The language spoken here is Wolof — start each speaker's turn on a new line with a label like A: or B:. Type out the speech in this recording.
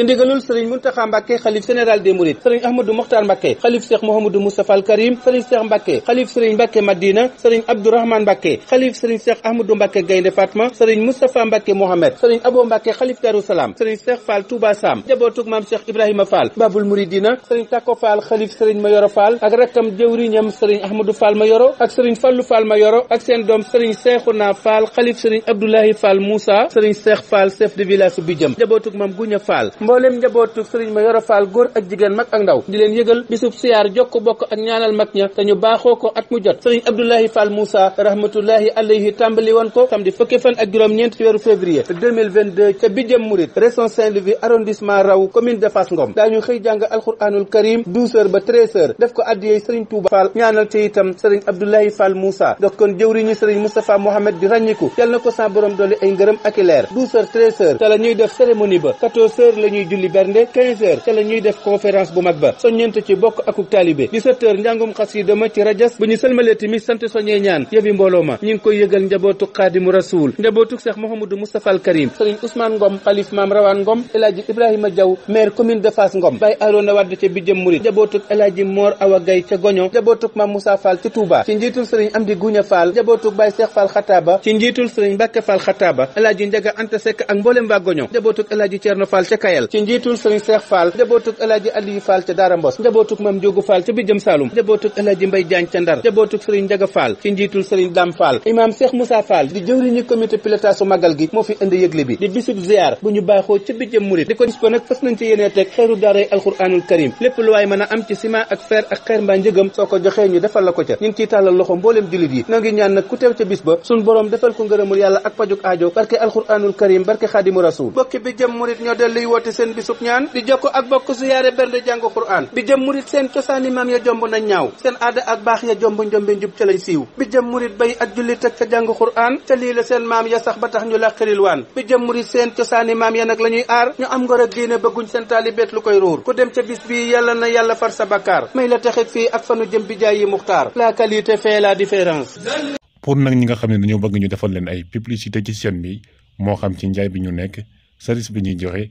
A: ci ndigalul sëriñ Muntaxa Mbàkke xalif général des Mourides sëriñ
B: Ahmadou Mokhtar Mbàkke xalif Cheikh Mouhamadou Moustapha al Karim sëriñ Cheikh Mbàkke xalif sëriñ Mbàkke Madina sëriñ Abdourahmane Mbàkke xalif sëriñ Cheikh Ahmadou Mbàkke Gaynde Fatma sëriñ Moustapha Mbàkke Mohamed sëriñ Abo Mbàkke xalif Darou Salam sëriñ Cheikh Fall Touba Sam jabootug maam Cheikh Ibrahima Fall Babul Mouridina sëriñ Tako Fall xalif sëriñ Mayoro Fall ak rakkam jëwriñam sëriñ Ahmadou mboolem njabootu sëriñ ma yoro góor ak jigéen mag ak ndaw di leen yëgal bisub siyaar jokk bokk ak ñaanal mag ña te baaxoo ko at mu jot sëriñ abdoulahi fall moussa rahmatullahi alayhi tàmbali woon ko samedi fukki fan ak juróom-ñeent ci weeru février 2022 ca Bidiam Mouride région Saint-Louis arrondissement raw commune de Fass Ngom daañu xëy jàng alquranul karim ba def ko addiyey sëriñ Touba ñaanal ci itam sëriñ abdoulahi fall moussa dokkoon jëwriñu sëriñ moustapha sa borom doole ñuy julli bernde 15 heures ca la ñuy def conférence bu mag ba soññent ci bokk akuk taalibe 17 heures njàngum xasida ma ci rajas bu ñu sëlmalee timis sant soññee ñaan yëfi mbooloo ma ñi ngi koy yëgal njabootu xaadimu rasuul njabootu Cheikh Mouhamadou Moustapha Karim sëriñ Ousmane Ngom xalif maam Rawaan Ngom El Ibrahima Diaw maire commune de Fass Ngom Baye Arona Wade ca Bijëm Murid njabootuk El Hadji Awa Gaye ca Goño njabootuk Maam Moussa ca Kayal Bakel ci njiitul Serigne Cheikh Fall njabootug El Hadj Aliou Fall ca Daara Mbos njabootug Mame Diogu Fall ca Bijëm Saloum njabootug El Hadj Mbaye Diagne ca Ndar njabootug Serigne Ndiaga Fall ci njiitul Serigne Dame Fall imaam Cheikh Moussa Fall di jëwriñu comité pilotage su magal gi moo fi indi yëgle bi di bisub ziar bu ñu baaxoo ca Bijëm Murit di ko gis ko nag fas nañ ci yéenee teg xeeru daaray alxuraanul karim lépp lu waay mën a am ci ciment ak fer ak xeer woote seen bisub ñaan di jokko ak bokk ziyaare bernde jàng Qur'an bi jëm murit seen cosaani maam ya jomb na ñaaw seen aada ak baax ya jomb njombe njub ca lañ siiw bi jëm murit bay ak jullit ak ca jàng Qur'an te lii la seen maam ya sax ba tax ñu làqiril waan bi jëm murit seen cosaani maam ya nag la ñuy aar ñu am ngor ak diine bëgguñ seen taalibeet lu koy ruur ku dem ca bis bi yàlla na yàlla far sa bakkaar may la texit fii ak fanu jëm bi jaay yi muxtaar la qualité fait la différence
C: pour nag ñi nga xam ne dañoo bëgg ñu defal leen ay publicité ci seen bi moo xam ci njaay bi ñu nekk service bi ñuy joxe